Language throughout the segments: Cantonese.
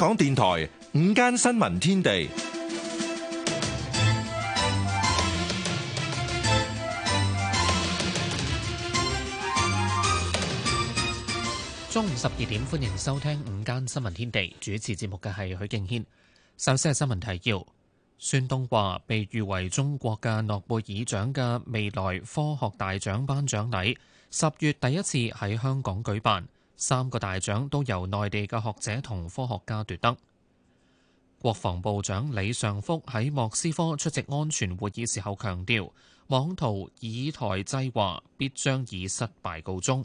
香港電台午間新聞天地，中午十二點，歡迎收聽午間新聞天地。主持節目嘅係許敬軒。首先係新聞提要：孫東話，被譽為中國嘅諾貝爾獎嘅未來科學大獎頒獎禮，十月第一次喺香港舉辦。三個大獎都由內地嘅學者同科學家奪得。國防部長李尚福喺莫斯科出席安全會議時候強調，妄圖以台制華必將以失敗告終。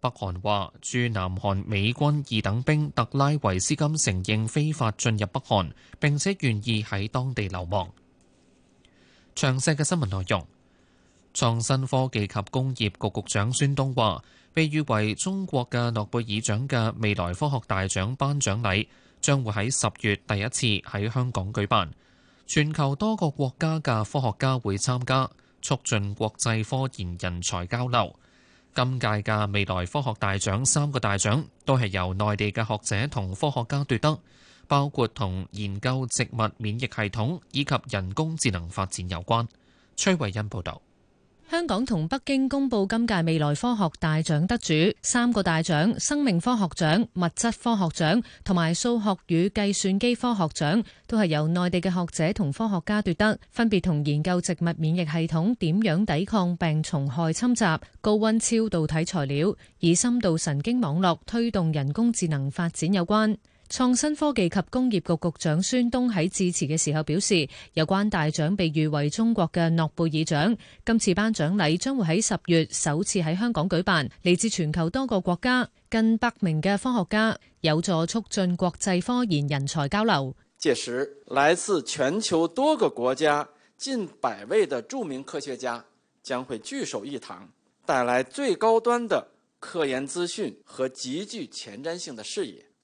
北韓話駐南韓美軍二等兵特拉維斯金承認非法進入北韓，並且願意喺當地流亡。詳細嘅新聞內容。創新科技及工業局局長孫東話，被譽為中國嘅諾貝爾獎嘅未來科學大獎頒獎禮，將會喺十月第一次喺香港舉辦。全球多個國家嘅科學家會參加，促進國際科研人才交流。今屆嘅未來科學大獎三個大獎都係由內地嘅學者同科學家奪得，包括同研究植物免疫系統以及人工智能發展有關。崔慧欣報道。香港同北京公布今屆未來科學大獎得主，三個大獎：生命科學獎、物質科學獎同埋數學與計算機科學獎，都係由內地嘅學者同科學家奪得，分別同研究植物免疫系統、點樣抵抗病蟲害侵襲、高温超導體材料、以深度神經網絡推動人工智能發展有關。創新科技及工業局局長孫東喺致辭嘅時候表示，有關大獎被譽為中國嘅諾貝爾獎，今次頒獎禮將會喺十月首次喺香港舉辦。嚟自全球多個國家近百名嘅科學家，有助促進國際科研人才交流。屆時，來自全球多個國家近百位嘅著名科學家將會聚首一堂，帶來最高端的科研資訊和極具前瞻性的視野。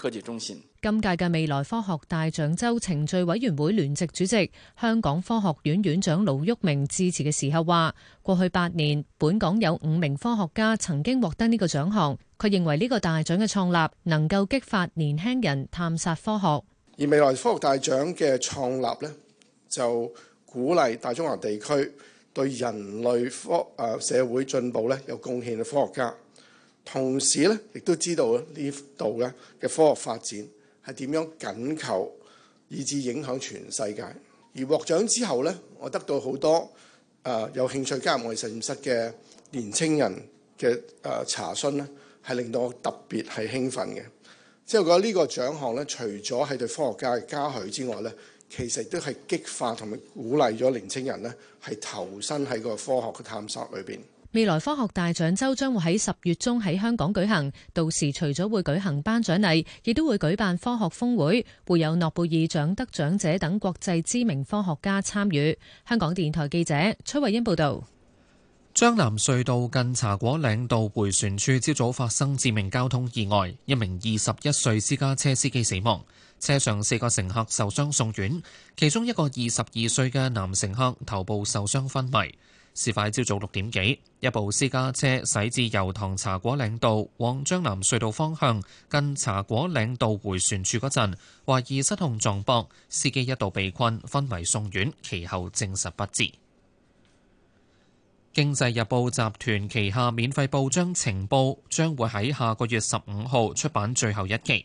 科今屆嘅未來科學大獎周程序委員會聯席主席、香港科學院院長盧煜明致辭嘅時候話，過去八年，本港有五名科學家曾經獲得呢個獎項。佢認為呢個大獎嘅創立能夠激發年輕人探索科學。而未來科學大獎嘅創立呢，就鼓勵大中華地區對人類科誒社會進步咧有貢獻嘅科學家。同時咧，亦都知道呢度咧嘅科學發展係點樣緊扣，以至影響全世界。而獲獎之後咧，我得到好多啊、呃、有興趣加入我哋實驗室嘅年青人嘅啊、呃、查詢咧，係令到我特別係興奮嘅。即係我覺得呢個獎項咧，除咗係對科學家嘅嘉許之外咧，其實都係激發同埋鼓勵咗年青人咧，係投身喺個科學嘅探索裏邊。未來科學大獎周將會喺十月中喺香港舉行，到時除咗會舉行頒獎禮，亦都會舉辦科學峰會，會有諾貝爾獎得獎者等國際知名科學家參與。香港電台記者崔慧欣報道，江南隧道近茶果嶺道回旋處，朝早發生致命交通意外，一名二十一歲私家車司機死亡，車上四個乘客受傷送院，其中一個二十二歲嘅男乘客頭部受傷昏迷。事發朝早六點幾，一部私家車駛至油塘茶果嶺道往將藍隧道方向，近茶果嶺道回旋處嗰陣，懷疑失控撞壆，司機一度被困昏迷送院，其後證實不治。經濟日報集團旗下免費報章《晴報》將會喺下個月十五號出版最後一期。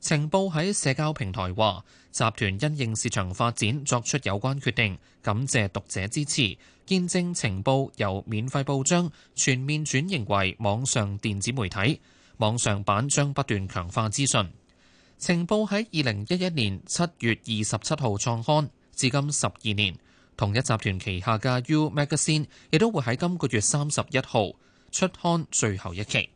晴報喺社交平台話，集團因應市場發展作出有關決定，感謝讀者支持。見證情報由免費報章全面轉型為網上電子媒體，網上版將不斷強化資訊。情報喺二零一一年七月二十七號創刊，至今十二年。同一集團旗下嘅《U Magazine》亦都會喺今個月三十一號出刊最後一期。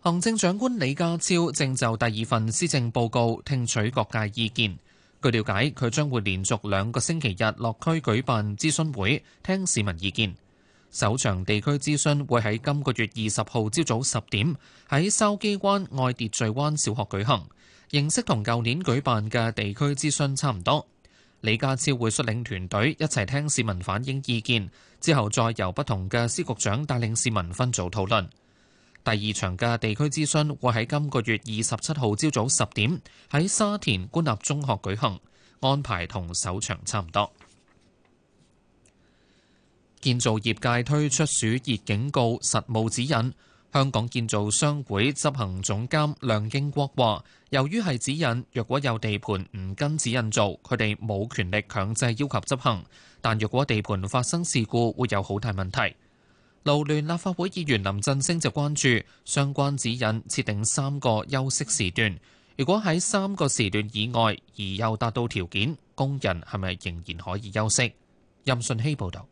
行政長官李家超正就第二份施政報告聽取各界意見。據了解，佢將會連續兩個星期日落區舉辦諮詢會，聽市民意見。首場地區諮詢會喺今個月二十號朝早十點喺筲箕灣愛秩序灣小學舉行，形式同舊年舉辦嘅地區諮詢差唔多。李家超會率領團隊一齊聽市民反映意見，之後再由不同嘅司局長帶領市民分組討論。第二場嘅地區諮詢會喺今個月二十七號朝早十點喺沙田官立中學舉行，安排同首場差唔多。建造業界推出暑熱警告實務指引，香港建造商會執行總監梁京國話，由於係指引，若果有地盤唔跟指引做，佢哋冇權力強制要求執行，但若果地盤發生事故，會有好大問題。勞聯立法會議員林振昇就關注相關指引設定三個休息時段，如果喺三個時段以外而又達到條件，工人係咪仍然可以休息？任順希報道，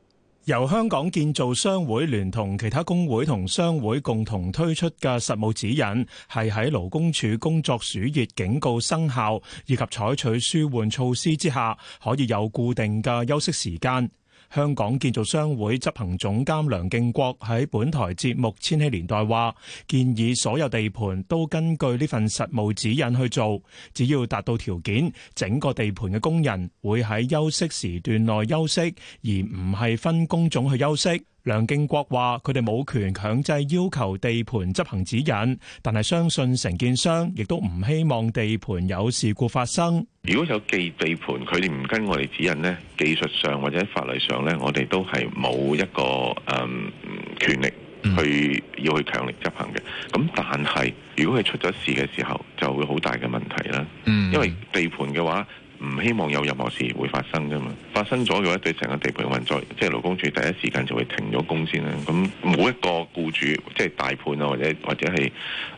由香港建造商會聯同其他工會同商會共同推出嘅實務指引，係喺勞工處工作暑熱警告生效以及採取舒緩措施之下，可以有固定嘅休息時間。香港建造商會執行總監梁敬國喺本台節目《千禧年代》話，建議所有地盤都根據呢份實務指引去做，只要達到條件，整個地盤嘅工人會喺休息時段內休息，而唔係分工種去休息。梁敬國話：佢哋冇權強制要求地盤執行指引，但係相信承建商亦都唔希望地盤有事故發生。如果有記地盤，佢哋唔跟我哋指引咧，技術上或者法律上咧，我哋都係冇一個誒、嗯、權力去要去強力執行嘅。咁但係如果佢出咗事嘅時候，就會好大嘅問題啦。嗯，因為地盤嘅話，唔希望有任何事會發生噶嘛，發生咗嘅話，對成個地盤運作，即係勞工處第一時間就會停咗工先啦。咁冇一個僱主，即係大判啊，或者或者係誒誒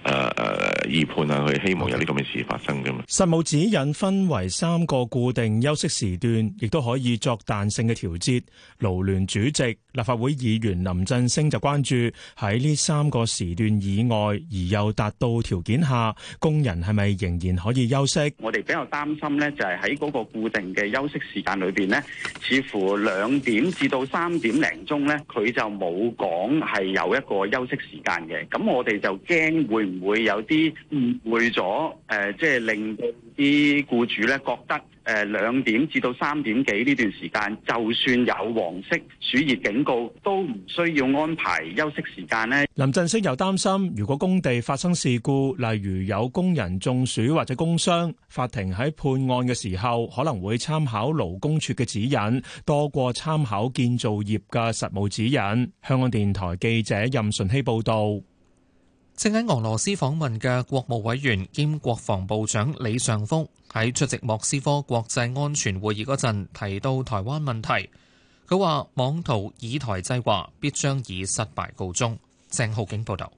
二判啊，佢希望有呢咁嘅事發生噶嘛。實務指引分為三個固定休息時段，亦都可以作彈性嘅調節。勞聯主席、立法會議員林振昇就關注喺呢三個時段以外，而又達到條件下，工人係咪仍然可以休息？我哋比較擔心咧，就係喺喺嗰個固定嘅休息時間裏邊咧，似乎兩點至到三點零鐘咧，佢就冇講係有一個休息時間嘅。咁我哋就驚會唔會有啲誤會咗？誒，即係令到啲僱主咧覺得。誒，兩點至到三點幾呢段時間，就算有黃色暑熱警告，都唔需要安排休息時間呢。林振聲又擔心，如果工地發生事故，例如有工人中暑或者工傷，法庭喺判案嘅時候可能會參考勞工處嘅指引，多過參考建造業嘅實務指引。香港電台記者任順希報導。正喺俄羅斯訪問嘅國務委員兼國防部長李尚福喺出席莫斯科國際安全會議嗰陣提到台灣問題，佢話妄圖以台制華，必將以失敗告終。鄭浩景報導，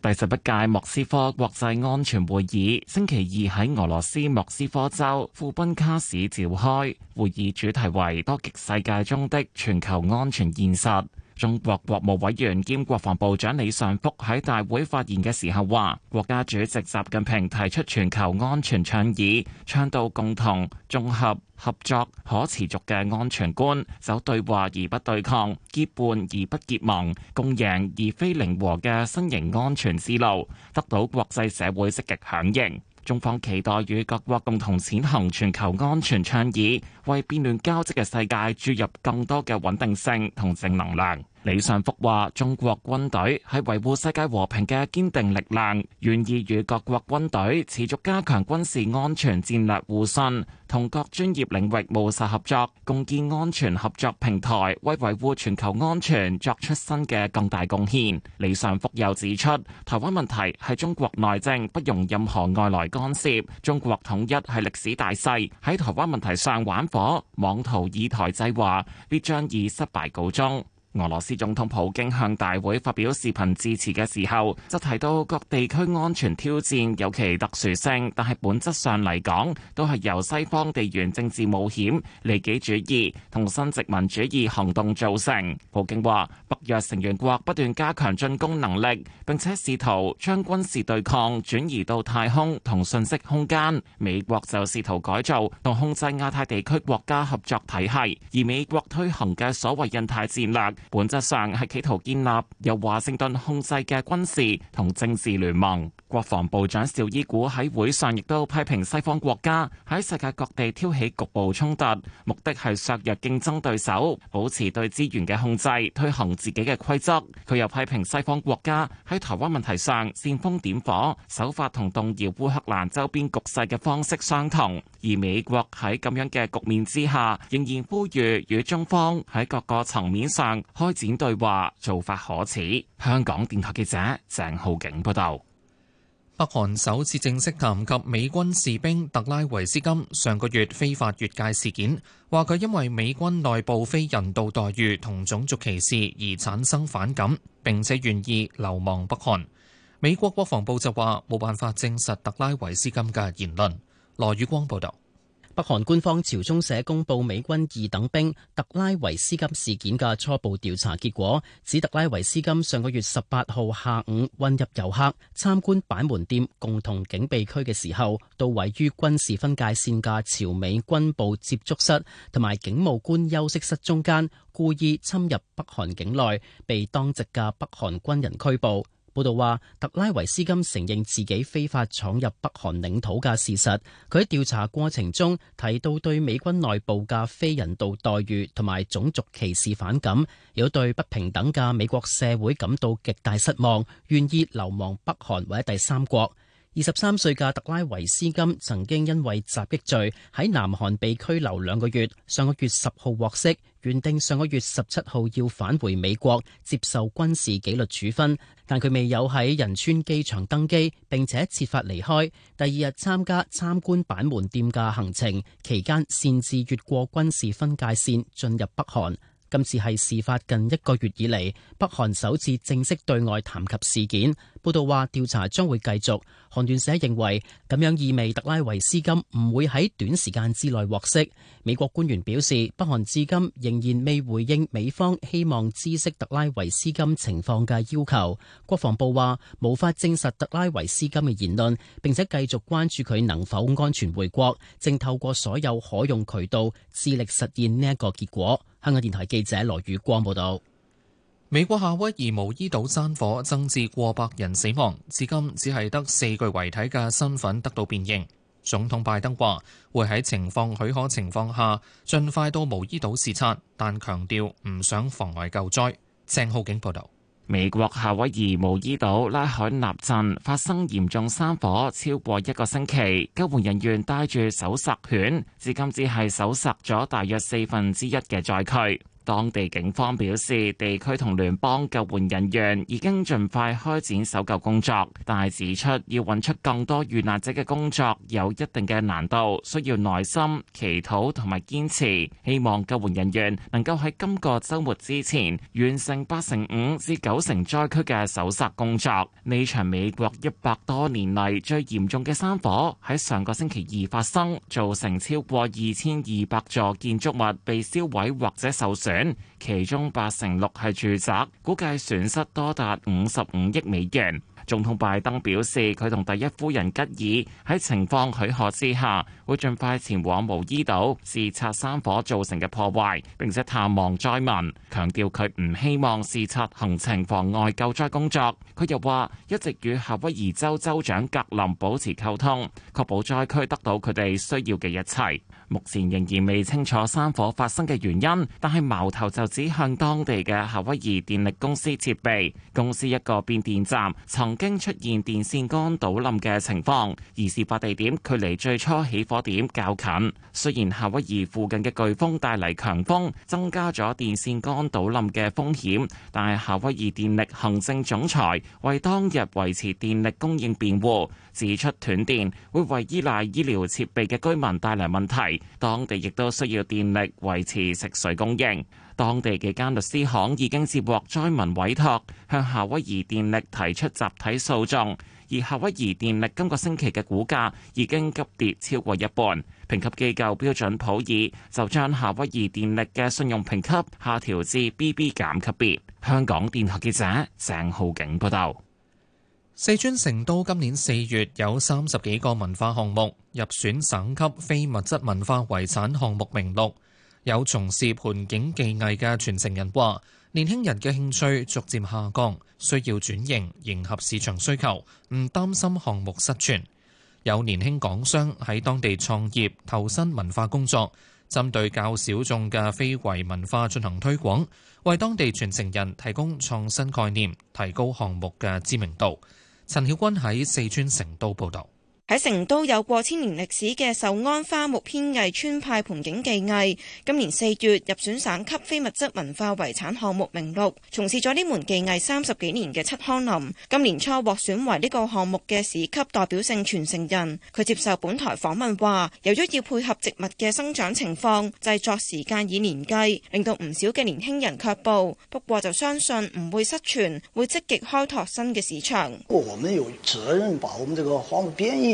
第十一屆莫斯科國際安全會議星期二喺俄羅斯莫斯科州庫賓卡市召開，會議主題為多極世界中的全球安全現實。中國國務委員兼國防部長李尚福喺大會發言嘅時候話，國家主席習近平提出全球安全倡議，倡導共同、綜合、合作、可持續嘅安全觀，走對話而不對抗、結伴而不結盟、共贏而非零和嘅新型安全思路，得到國際社會積極響應。中方期待與各國共同踐行全球安全倡議，為變亂交織嘅世界注入更多嘅穩定性同正能量。李尚福話：中國軍隊係維護世界和平嘅堅定力量，願意與各國軍隊持續加強軍事安全戰略互信，同各專業領域務實合作，共建安全合作平台，為維護全球安全作出新嘅更大貢獻。李尚福又指出，台灣問題係中國內政，不容任何外來干涉。中國統一係歷史大勢，喺台灣問題上玩火、妄圖以台制華，必將以失敗告終。俄羅斯總統普京向大會發表視頻致辭嘅時候，就提到各地區安全挑戰有其特殊性，但係本質上嚟講，都係由西方地緣政治冒險、利己主義同新殖民主義行動造成。普京話：北約成員國不斷加強進攻能力，並且試圖將軍事對抗轉移到太空同信息空間。美國就試圖改造同控制亞太地區國家合作體系，而美國推行嘅所謂印太戰略，本質上係企圖建立由華盛頓控制嘅軍事同政治聯盟。國防部長紹伊古喺會上亦都批評西方國家喺世界各地挑起局部衝突，目的係削弱競爭對手，保持對資源嘅控制，推行自己嘅規則。佢又批評西方國家喺台灣問題上煽風點火，手法同動搖烏克蘭周邊局勢嘅方式相同。而美國喺咁樣嘅局面之下，仍然呼籲與中方喺各個層面上開展對話，做法可恥。香港電台記者鄭浩景報道。北韓首次正式談及美軍士兵特拉維斯金上個月非法越界事件，話佢因為美軍內部非人道待遇同種族歧視而產生反感，並且願意流亡北韓。美國國防部就話冇辦法證實特拉維斯金嘅言論。羅宇光報道。北韓官方朝中社公布美軍二等兵特拉維斯金事件嘅初步調查結果，指特拉維斯金上個月十八號下午混入遊客參觀板門店共同警備區嘅時候，到位於軍事分界線嘅朝美軍部接觸室同埋警務官休息室中間，故意侵入北韓境內，被當值嘅北韓軍人拘捕。報道話，特拉維斯金承認自己非法闖入北韓領土嘅事實。佢喺調查過程中提到對美軍內部嘅非人道待遇同埋種族歧視反感，有對不平等嘅美國社會感到極大失望，願意流亡北韓或者第三國。二十三歲嘅特拉維斯金曾經因為襲擊罪喺南韓被拘留兩個月。上個月十號獲釋，原定上個月十七號要返回美國接受軍事紀律處分，但佢未有喺仁川機場登機，並且設法離開。第二日參加參觀板門店嘅行程期間，擅自越過軍事分界線進入北韓。今次係事發近一個月以嚟，北韓首次正式對外談及事件。報道話調查將會繼續。韓聯社認為，咁樣意味特拉維斯金唔會喺短時間之內獲釋。美國官員表示，北韓至今仍然未回應美方希望知悉特拉維斯金情況嘅要求。國防部話無法證實特拉維斯金嘅言論，並且繼續關注佢能否安全回國，正透過所有可用渠道致力實現呢一個結果。香港電台記者羅宇光報道。美國夏威夷毛伊島山火增至過百人死亡，至今只係得四具遺體嘅身份得到辨認。總統拜登話會喺情況許可情況下盡快到毛伊島視察，但強調唔想妨礙救災。鄭浩景報道：美國夏威夷毛伊島拉罕納鎮發生嚴重山火，超過一個星期，救援人員帶住搜索犬，至今只係搜索咗大約四分之一嘅災區。當地警方表示，地區同聯邦救援人員已經盡快開展搜救工作，但係指出要揾出更多遇難者嘅工作有一定嘅難度，需要耐心、祈禱同埋堅持。希望救援人員能夠喺今個週末之前完成八成五至九成災區嘅搜查工作。呢場美國一百多年嚟最嚴重嘅山火喺上個星期二發生，造成超過二千二百座建築物被燒毀或者受損。其中八成六係住宅，估計損失多達五十五億美元。總統拜登表示，佢同第一夫人吉爾喺情況許可之下，會盡快前往毛伊島視察山火造成嘅破壞，並且探望災民，強調佢唔希望視察行程妨礙救災工作。佢又話一直與夏威夷州州長格林保持溝通，確保災區得到佢哋需要嘅一切。目前仍然未清楚山火發生嘅原因，但係矛頭就指向當地嘅夏威夷電力公司設備。公司一個變電站曾經出現電線桿倒冧嘅情況，而事發地點距離最初起火點較近。雖然夏威夷附近嘅颶風帶嚟強風，增加咗電線桿倒冧嘅風險，但係夏威夷電力行政總裁為當日維持電力供應辯護。指出斷電會為依賴醫療設備嘅居民帶嚟問題，當地亦都需要電力維持食水供應。當地幾間律師行已經接獲災民委託，向夏威夷電力提出集體訴訟。而夏威夷電力今個星期嘅股價已經急跌超過一半，評級機構標準普爾就將夏威夷電力嘅信用評級下調至 BB 減級別。香港電台記者鄭浩景報道。四川成都今年四月有三十幾個文化項目入選省級非物質文化遺產項目名錄。有從事盤景技藝嘅傳承人話，年輕人嘅興趣逐漸下降，需要轉型迎合市場需求，唔擔心項目失傳。有年輕港商喺當地創業，投身文化工作，針對較小眾嘅非遺文化進行推廣，為當地傳承人提供創新概念，提高項目嘅知名度。陳曉君喺四川成都報道。喺成都有過千年歷史嘅壽安花木編藝川派盆景技藝，今年四月入選省級非物質文化遺產項目名錄。從事咗呢門技藝三十幾年嘅七康林，今年初獲選為呢個項目嘅市級代表性傳承人。佢接受本台訪問話，由於要配合植物嘅生長情況，製作時間以年計，令到唔少嘅年輕人卻步。不過就相信唔會失傳，會積極開拓新嘅市場。我們有責任把我們這個花木編藝。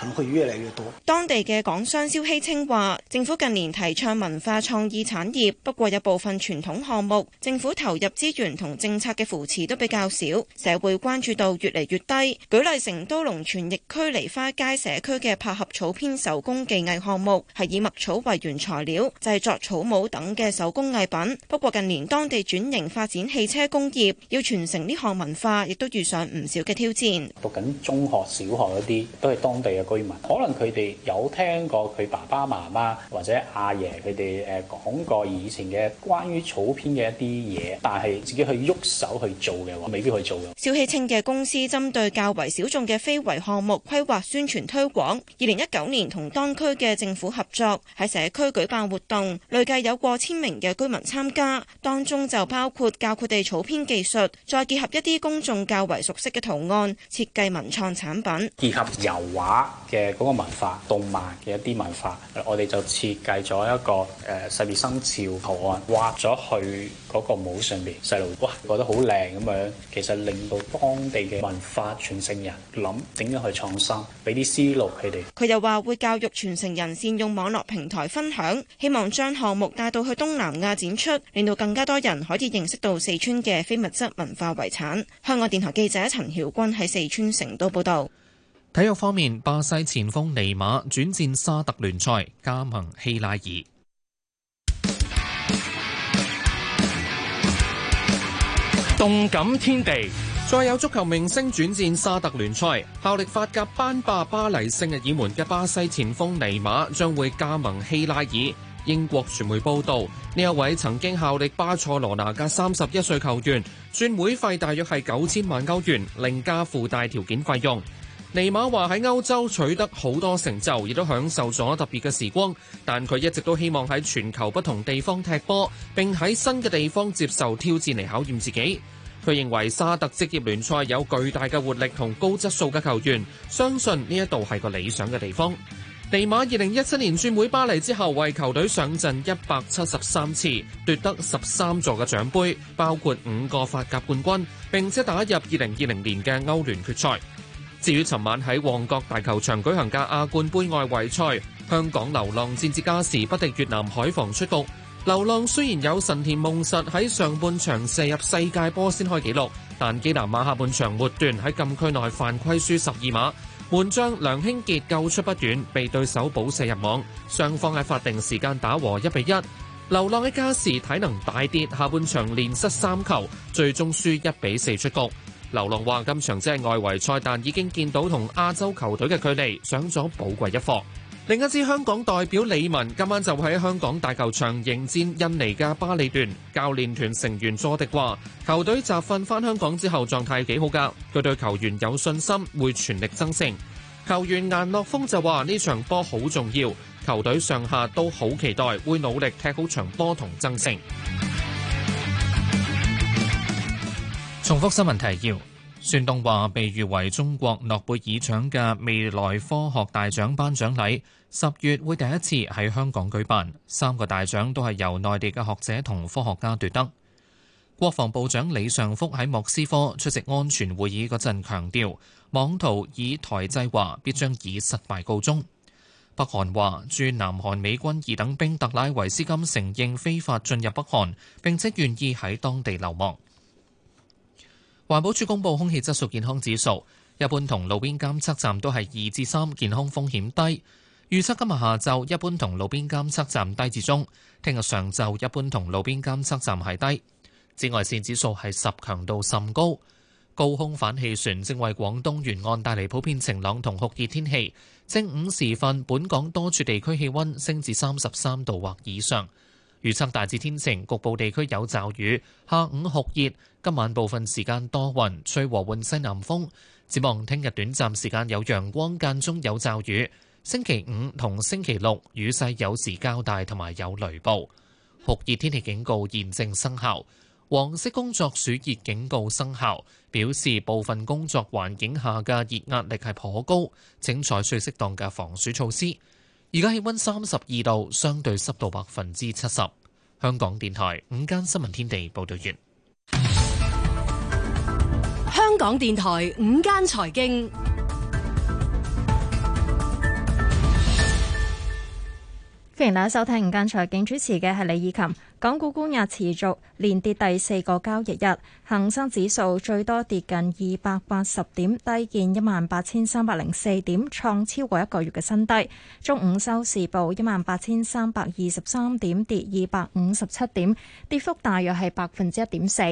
咁可能會越嚟越多。當地嘅港商肖希清話政府近年提倡文化創意產業，不過有部分傳統項目，政府投入資源同政策嘅扶持都比較少，社會關注度越嚟越低。舉例成都龍泉驛區梨花街社區嘅拍合草編手工技藝項目，係以麥草為原材料製作草帽等嘅手工藝品。不過近年當地轉型發展汽車工業，要傳承呢項文化，亦都遇上唔少嘅挑戰，讀緊中學小學嗰啲都係當地嘅。居民可能佢哋有聽過佢爸爸媽媽或者阿爺佢哋誒講過以前嘅關於草編嘅一啲嘢，但係自己去喐手去做嘅話，未必去做嘅。小氣清嘅公司針對較為小眾嘅非遺項目規劃宣傳推廣。二零一九年同當區嘅政府合作喺社區舉辦活動，累計有過千名嘅居民參加，當中就包括教佢哋草編技術，再結合一啲公眾較為熟悉嘅圖案設計文創產品，結合油畫。嘅嗰個文化，動漫嘅一啲文化，我哋就設計咗一個誒《十二生肖》圖案，畫咗去嗰個帽上面，細路哇覺得好靚咁樣，其實令到當地嘅文化傳承人諗點樣去創新，俾啲思路佢哋。佢又話會教育傳承人善用網絡平台分享，希望將項目帶到去東南亞展出，令到更加多人可以認識到四川嘅非物質文化遺產。香港電台記者陳曉君喺四川成都報道。體育方面，巴西前鋒尼馬轉戰沙特聯賽，加盟希拉爾。動感天地再有足球明星轉戰沙特聯賽，效力法甲班霸巴黎聖日爾門嘅巴西前鋒尼馬將會加盟希拉爾。英國傳媒報道，呢一位曾經效力巴塞羅那嘅三十一歲球員轉會費大約係九千萬歐元，另加附帶條件費用。尼馬話喺歐洲取得好多成就，亦都享受咗特別嘅時光。但佢一直都希望喺全球不同地方踢波，並喺新嘅地方接受挑戰嚟考驗自己。佢認為沙特職業聯賽有巨大嘅活力同高質素嘅球員，相信呢一度係個理想嘅地方。尼馬二零一七年轉會巴黎之後，為球隊上陣一百七十三次，奪得十三座嘅獎盃，包括五個法甲冠軍，並且打入二零二零年嘅歐聯決賽。至於尋晚喺旺角大球場舉行嘅亞冠杯外圍賽，香港流浪戰至加時不敵越南海防出局。流浪雖然有神田夢實喺上半場射入世界波先開紀錄，但基南馬下半場末段喺禁區內犯規輸十二碼，門將梁興傑救出不遠，被對手補射入網，雙方喺法定時間打和一比一。流浪喺加時體能大跌，下半場連失三球，最終輸一比四出局。流浪話：今場只係外圍賽，但已經見到同亞洲球隊嘅距離，上咗寶貴一課。另一支香港代表李文今晚就喺香港大球場迎戰印尼嘅巴利段。教練團成員佐迪話：球隊集訓翻香港之後狀態幾好噶，佢對球員有信心，會全力爭勝。球員顏樂峰就話：呢場波好重要，球隊上下都好期待，會努力踢好場波同爭勝。重複新聞提要：孫東華被譽為中國諾貝爾獎嘅未來科學大獎頒獎禮，十月會第一次喺香港舉辦。三個大獎都係由內地嘅學者同科學家奪得。國防部長李尚福喺莫斯科出席安全會議嗰陣強調，妄圖以台制華必將以失敗告終。北韓話駐南韓美軍二等兵特拉維斯金承認非法進入北韓，並且願意喺當地流亡。環保署公布空氣質素健康指數，一般同路邊監測站都係二至三，健康風險低。預測今日下晝一般同路邊監測站低至中，聽日上晝一般同路邊監測站係低。紫外線指數係十，強度甚高。高空反氣旋正為廣東沿岸帶嚟普遍晴朗同酷熱天氣。正午時分，本港多處地區氣温升至三十三度或以上。預測大致天晴，局部地區有驟雨。下午酷熱。今晚部分時間多雲，吹和緩西南風。展望聽日短暫時間有陽光，間中有驟雨。星期五同星期六雨勢有時較大，同埋有雷暴。酷熱天氣警告現正生效，黃色工作暑熱警告生效，表示部分工作環境下嘅熱壓力係頗高，請採取適當嘅防暑措施。而家氣温三十二度，相對濕度百分之七十。香港電台午間新聞天地報道完。香港電台午間財經，歡迎大家收聽午間財經，主持嘅係李以琴。港股今日持續連跌第四個交易日，恒生指數最多跌近二百八十點，低見一萬八千三百零四點，創超過一個月嘅新低。中午收市報一萬八千三百二十三點，跌二百五十七點，跌幅大約係百分之一點四。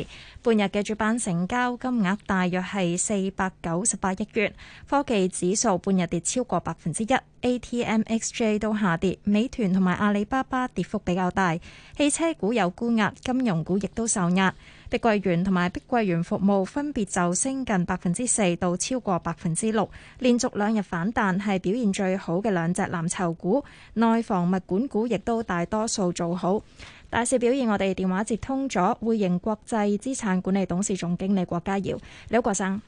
半日嘅主板成交金額大約係四百九十八億元。科技指數半日跌超過百分之一，ATMXJ 都下跌，美團同埋阿里巴巴跌幅比較大，汽車股有沽壓，金融股亦都受壓。碧桂園同埋碧桂園服務分別就升近百分之四到超過百分之六，連續兩日反彈，係表現最好嘅兩隻藍籌股。內房物管股亦都大多數做好。大市表現，我哋電話接通咗匯盈國際資產管理董事總經理郭家耀，你好，郭生。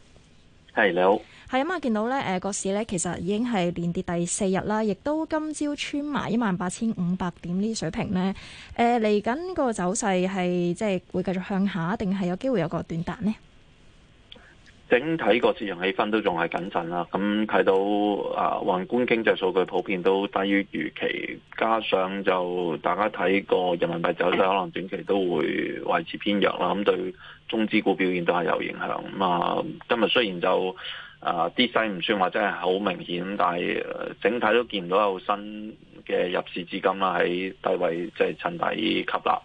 係你好，係咁啊！見到咧，誒、呃，個市咧其實已經係連跌第四日啦，亦都今朝穿埋一萬八千五百點呢水平咧。誒、呃，嚟緊個走勢係即係會繼續向下，定係有機會有個短彈呢？整體個市場氣氛都仲係謹慎啦，咁睇到啊，宏觀經濟數據普遍都低於預期，加上就大家睇個人民幣走勢，可能短期都會維持偏弱啦，咁對中資股表現都係有影響。啊，今日雖然就啊跌勢唔算話真係好明顯，但係整體都見唔到有新嘅入市資金啦，喺低位即係趁底吸納。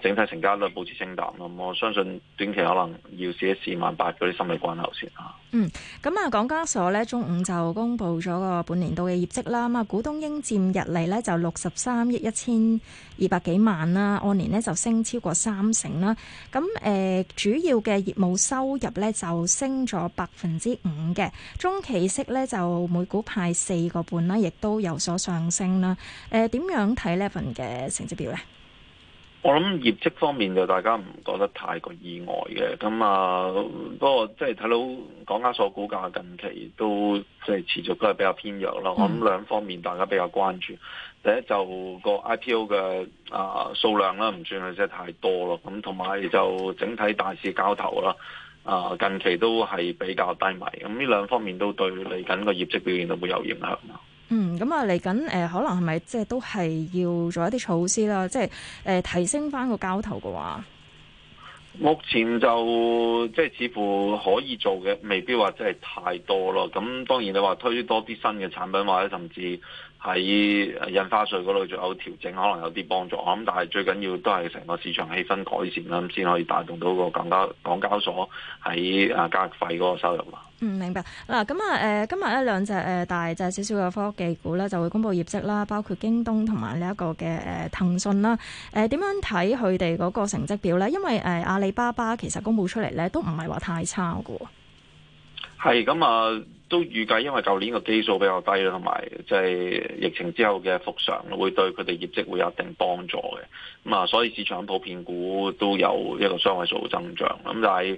整體成交率保持清淡。咁我相信短期可能要試一試萬八嗰啲心理關口先嚇。嗯，咁啊，港交所咧中午就公布咗個半年度嘅業績啦。咁啊，股東應佔溢利呢就六十三億一千二百幾萬啦，按年呢就升超過三成啦。咁誒、呃，主要嘅業務收入呢就升咗百分之五嘅，中期息呢就每股派四個半啦，亦都有所上升啦。誒、呃，點樣睇呢份嘅成績表呢？我諗業績方面就大家唔覺得太過意外嘅，咁啊，不過即係睇到港交所股價近期都即係持續都係比較偏弱咯。我諗兩方面大家比較關注，第一就個 IPO 嘅啊數量啦，唔算係即係太多咯，咁同埋就整體大市交投啦，啊近期都係比較低迷，咁呢兩方面都對嚟緊個業績表現都會有影響。嗯，咁啊嚟緊誒，可能係咪即係都係要做一啲措施啦，即係誒、呃、提升翻個交投嘅話。目前就即係似乎可以做嘅，未必話真係太多咯。咁當然你話推出多啲新嘅產品或者甚至喺印花稅嗰度再有調整，可能有啲幫助。咁但係最緊要都係成個市場氣氛改善啦，咁先可以帶動到個港交港交所喺啊加費嗰個收入啊。嗯，明白。嗱，咁啊誒今日咧兩隻誒大隻少少嘅科技股咧就會公布業績啦，包括京東同埋呢一個嘅誒騰訊啦。誒點樣睇佢哋嗰個成績表咧？因為誒。阿、啊阿里巴巴其實公布出嚟，咧都唔係話太差嘅，係咁啊，都預計，因為舊年個基數比較低啦，同埋即係疫情之後嘅復常會對佢哋業績會有一定幫助嘅。咁啊，所以市場普遍估都有一個雙位數增長啦。咁但係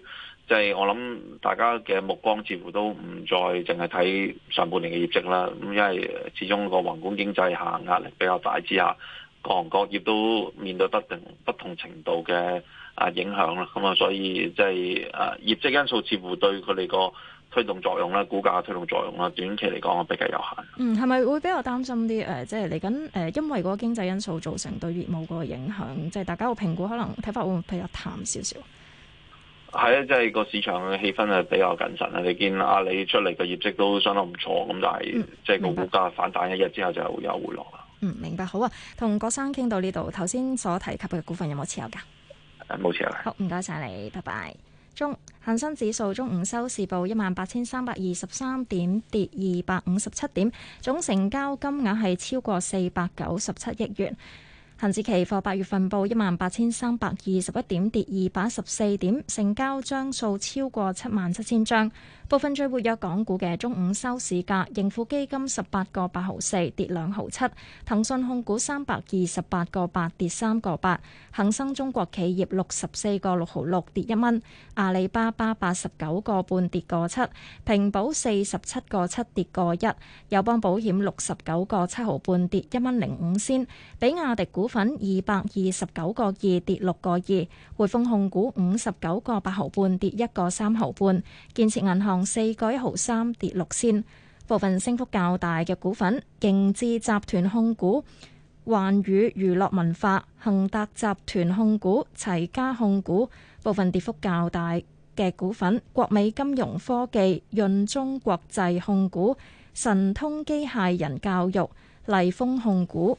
即係我諗大家嘅目光似乎都唔再淨係睇上半年嘅業績啦。咁因為始終個宏觀經濟下壓力比較大之下，各行各業都面對不定不同程度嘅。啊，影響啦，咁啊，所以即係誒業績因素似乎對佢哋個推動作用啦，股價推動作用啦，短期嚟講比較有限。嗯，係咪會比較擔心啲誒，即係嚟緊誒，即係因為嗰個經濟因素造成對業務個影響，即係大家個評估可能睇法會唔會比較淡少少。係啊，即係個市場嘅氣氛係比較謹慎啊。你見阿里出嚟嘅業績都相當唔錯，咁但係即係個股價反彈一日之後就會有回落啦。嗯，明白。好啊，同郭生傾到呢度。頭先所提及嘅股份有冇持有㗎？了。好，唔該晒你，拜拜。中恒生指數中午收市報一萬八千三百二十三點，跌二百五十七點，總成交金額係超過四百九十七億元。恒指期貨八月份報一萬八千三百二十一點，跌二百一十四點，成交張數超過七萬七千張。部分最活躍港股嘅中午收市價：盈富基金十八個八毫四，跌兩毫七；騰訊控股三百二十八個八，跌三個八；恒生中國企業六十四個六毫六，跌一蚊；阿里巴巴八十九個半，跌個七；平保四十七個七，跌個一；友邦保險六十九個七毫半，跌一蚊零五仙；比亞迪股。股份二百二十九個二，跌六個二，匯豐控股五十九個八毫半，跌一個三毫半，建設銀行四個一毫三，跌六仙。部分升幅較大嘅股份勁志集團控股、寰宇娛樂文化、恒達集團控股、齊家控股。部分跌幅較大嘅股份國美金融科技、潤中國際控股、神通機械人教育、麗豐控股。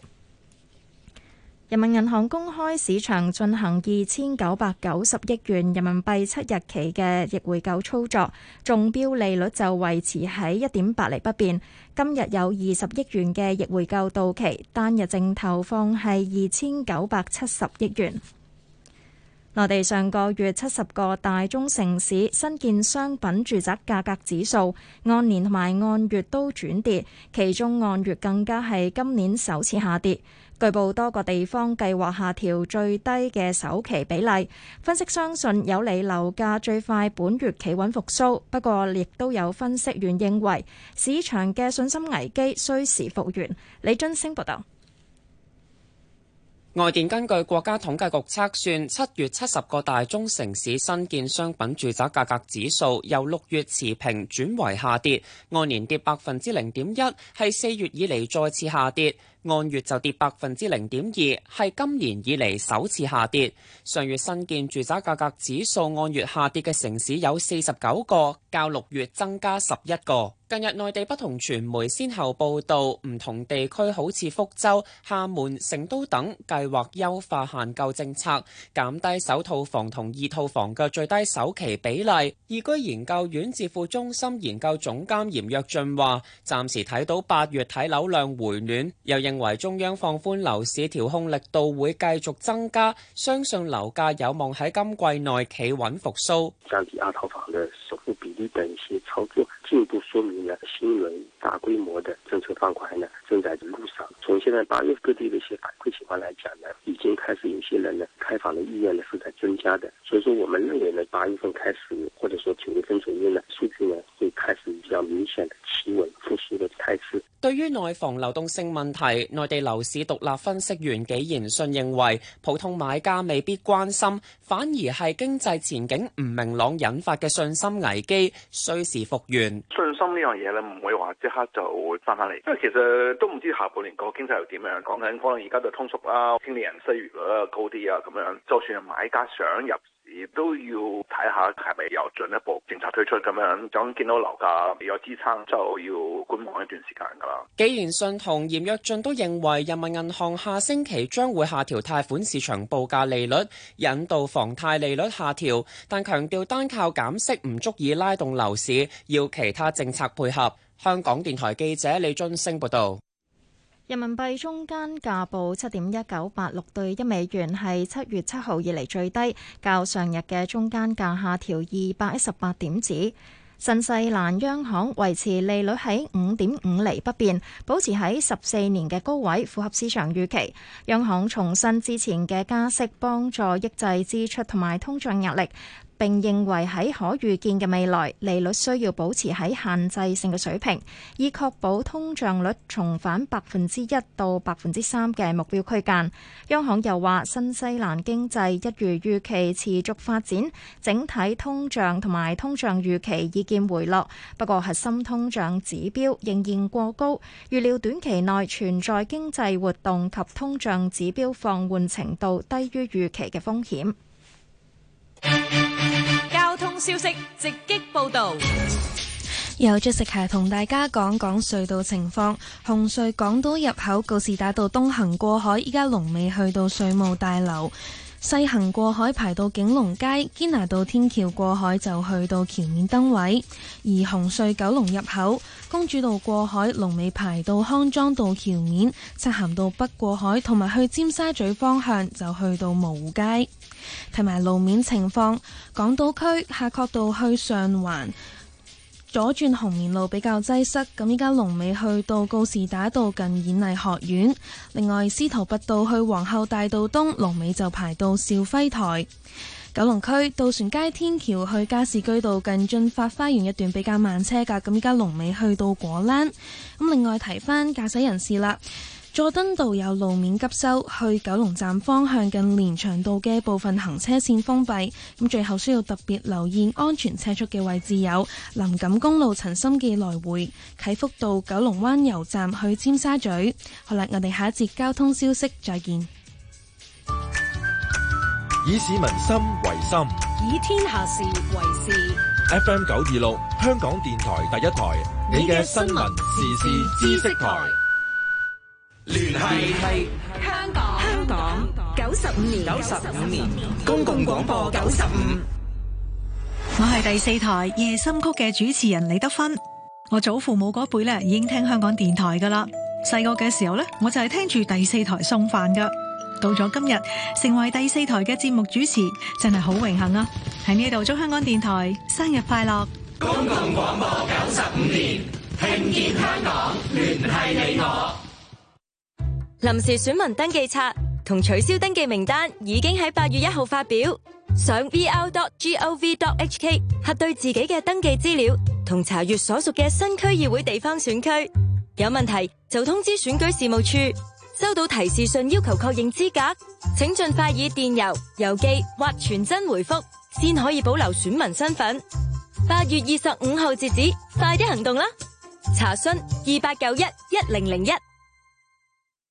人民銀行公開市場進行二千九百九十億元人民幣七日期嘅逆回購操作，中標利率就維持喺一點八厘不變。今日有二十億元嘅逆回購到期，單日淨投放係二千九百七十億元。內地上個月七十個大中城市新建商品住宅價格指數，按年同埋按月都轉跌，其中按月更加係今年首次下跌。據報多個地方計劃下調最低嘅首期比例，分析相信有利樓價最快本月企穩復甦。不過，亦都有分析員認為市場嘅信心危機需時復原。李津星報道：外電根據國家統計局測算，七月七十個大中城市新建商品住宅價格指數由六月持平轉為下跌，按年跌百分之零點一，係四月以嚟再次下跌。按月就跌百分之零點二，係今年以嚟首次下跌。上月新建住宅價格指數按月下跌嘅城市有四十九個，較六月增加十一個。近日內地不同傳媒先後報道，唔同地區好似福州、廈門、成都等計劃優化限購政策，減低首套房同二套房嘅最低首期比例。易居研究院智庫中心研究總監嚴躍進話：暫時睇到八月睇樓量回暖，又認為中央放寬樓市調控力度會繼續增加，相信樓價有望喺今季內企穩復蘇。降低二套房的首付比例的一些操作，進一步說明了新一輪大規模的政策放寬呢正在在路上。從現在八月各地的一些反饋情況來講呢，已經開始有些人呢開房的意願呢是在增加的。所以說，我們認為呢八月份開始，或者說九月份左右呢。內房流動性問題，內地樓市獨立分析員紀言信認為普通買家未必關心，反而係經濟前景唔明朗引發嘅信心危機需時復原。信心呢樣嘢咧，唔會話即刻就翻返嚟。因為其實都唔知下半年個經濟又點樣講緊，可能而家就通縮啦，青年人失業率高啲啊，咁樣就算係買家想入。亦都要睇下係咪有進一步政策推出咁樣，咁見到樓價未有支撐，就要觀望一段時間噶啦。既然信同嚴躍進都認為人民銀行下星期將會下調貸款市場報價利率，引導房貸利率下調，但強調單靠減息唔足以拉動樓市，要其他政策配合。香港電台記者李津升報道。人民幣中間價報七點一九八六對一美元，係七月七號以嚟最低，較上日嘅中間價下調二百一十八點子。新西蘭央行維持利率喺五點五厘不變，保持喺十四年嘅高位，符合市場預期。央行重申之前嘅加息，幫助抑制支出同埋通脹壓力。並認為喺可預見嘅未來，利率需要保持喺限制性嘅水平，以確保通脹率重返百分之一到百分之三嘅目標區間。央行又話，新西蘭經濟一如預期持續發展，整體通脹同埋通脹預期已見回落，不過核心通脹指標仍然過高，預料短期內存在經濟活動及通脹指標放緩程度低於預期嘅風險。消息直擊報道，有着食鞋同大家講講隧道情況。紅隧港島入口告士打道東行過海，依家龍尾去到稅務大樓。西行過海排到景龍街，堅拿道天橋過海就去到橋面燈位；而紅隧九龍入口、公主道過海、龍尾排到康莊道橋面，側行到北過海同埋去尖沙咀方向就去到蕪湖街。同埋路面情況，港島區夏愨道去上環。左轉紅棉路比較擠塞，咁依家龍尾去到告士打道近演藝學院。另外，司徒拔道去皇后大道東，龍尾就排到肇輝臺。九龍區渡船街天橋去加士居道近駿發花園一段比較慢車噶，咁依家龍尾去到果欄。咁另外提返駕駛人士啦。佐敦道有路面急修，去九龍站方向近連翔道嘅部分行車線封閉。咁最後需要特別留意安全車速嘅位置有林錦公路陳心記來回、啟福道九龍灣油站去尖沙咀。好啦，我哋下一節交通消息再見。以市民心為心，以天下事為事。FM 九二六，香港電台第一台，你嘅新聞時事知識台。聯繫係香港，香港九十五年，九十五年公共廣播九十五，我係第四台夜深曲嘅主持人李德芬。我祖父母嗰輩咧，已經聽香港電台噶啦，細個嘅時候咧，我就係聽住第四台送飯噶，到咗今日成為第四台嘅節目主持，真係好榮幸啊！喺呢度祝香港電台生日快樂，公共廣播九十五年，聽見香港，聯繫你我。臨時選民登記冊同取消登記名單已經喺八月一號發表，上 vr.gov.hk 核對自己嘅登記資料，同查閱所屬嘅新區議會地方選區。有問題就通知選舉事務處。收到提示信要求確認資格，請盡快以電郵、郵寄或傳真回覆，先可以保留選民身份。八月二十五號截止，快啲行動啦！查詢二八九一一零零一。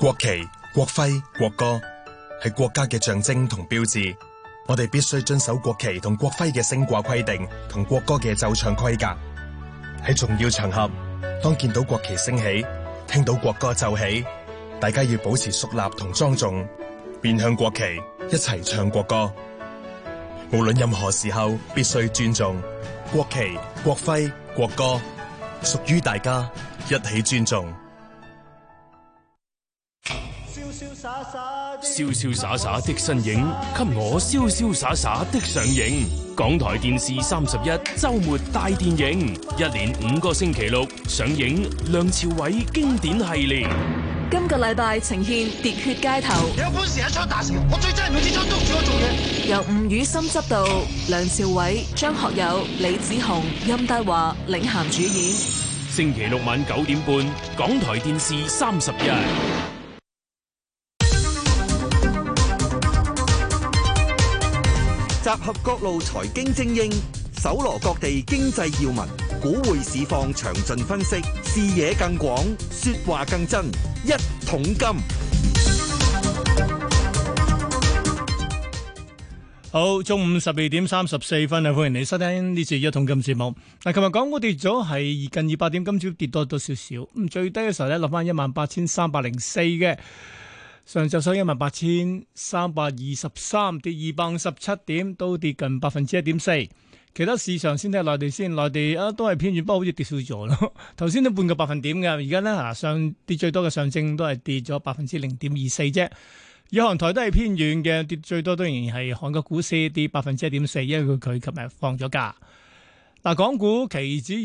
國旗、國徽、國歌係國家嘅象徵同標誌，我哋必須遵守國旗同國徽嘅升掛規定，同國歌嘅奏唱規格。喺重要場合，當見到國旗升起，聽到國歌奏起，大家要保持肅立同莊重，面向國旗，一齊唱國歌。無論任何時候，必須尊重國旗、國徽、國歌，屬於大家，一起尊重。瀟瀟灑灑的身影，給我瀟瀟灑灑的上映。港台電視三十一周末大電影，一連五個星期六上映。梁朝偉經典系列，今個禮拜呈現《喋血街頭》。有本事一槍打死我，我最憎係女子槍督住我做嘢。由吳宇森執導，梁朝偉、張學友、李子雄、任達華領銜主演。星期六晚九點半，港台電視三十一。合各路財經精英，搜羅各地經濟要聞，股匯市況詳盡分析，視野更廣，說話更真。一桶金。好，中午十二點三十四分啊，歡迎你收聽呢次一桶金節目。嗱，琴日港股跌咗係近二百點，今朝跌多咗少少，咁最低嘅時候咧，落返一萬八千三百零四嘅。上晝收一萬八千三百二十三，跌二百五十七點，都跌近百分之一點四。其他市場先睇內地先，內地啊都係偏軟，不過，好似跌少咗咯。頭先都半個百分點嘅，而家咧啊上跌最多嘅上證都係跌咗百分之零點二四啫。以韓台都係偏軟嘅，跌最多當然係韓國股市跌百分之一點四，因為佢佢琴日放咗假。嗱、啊，港股期指。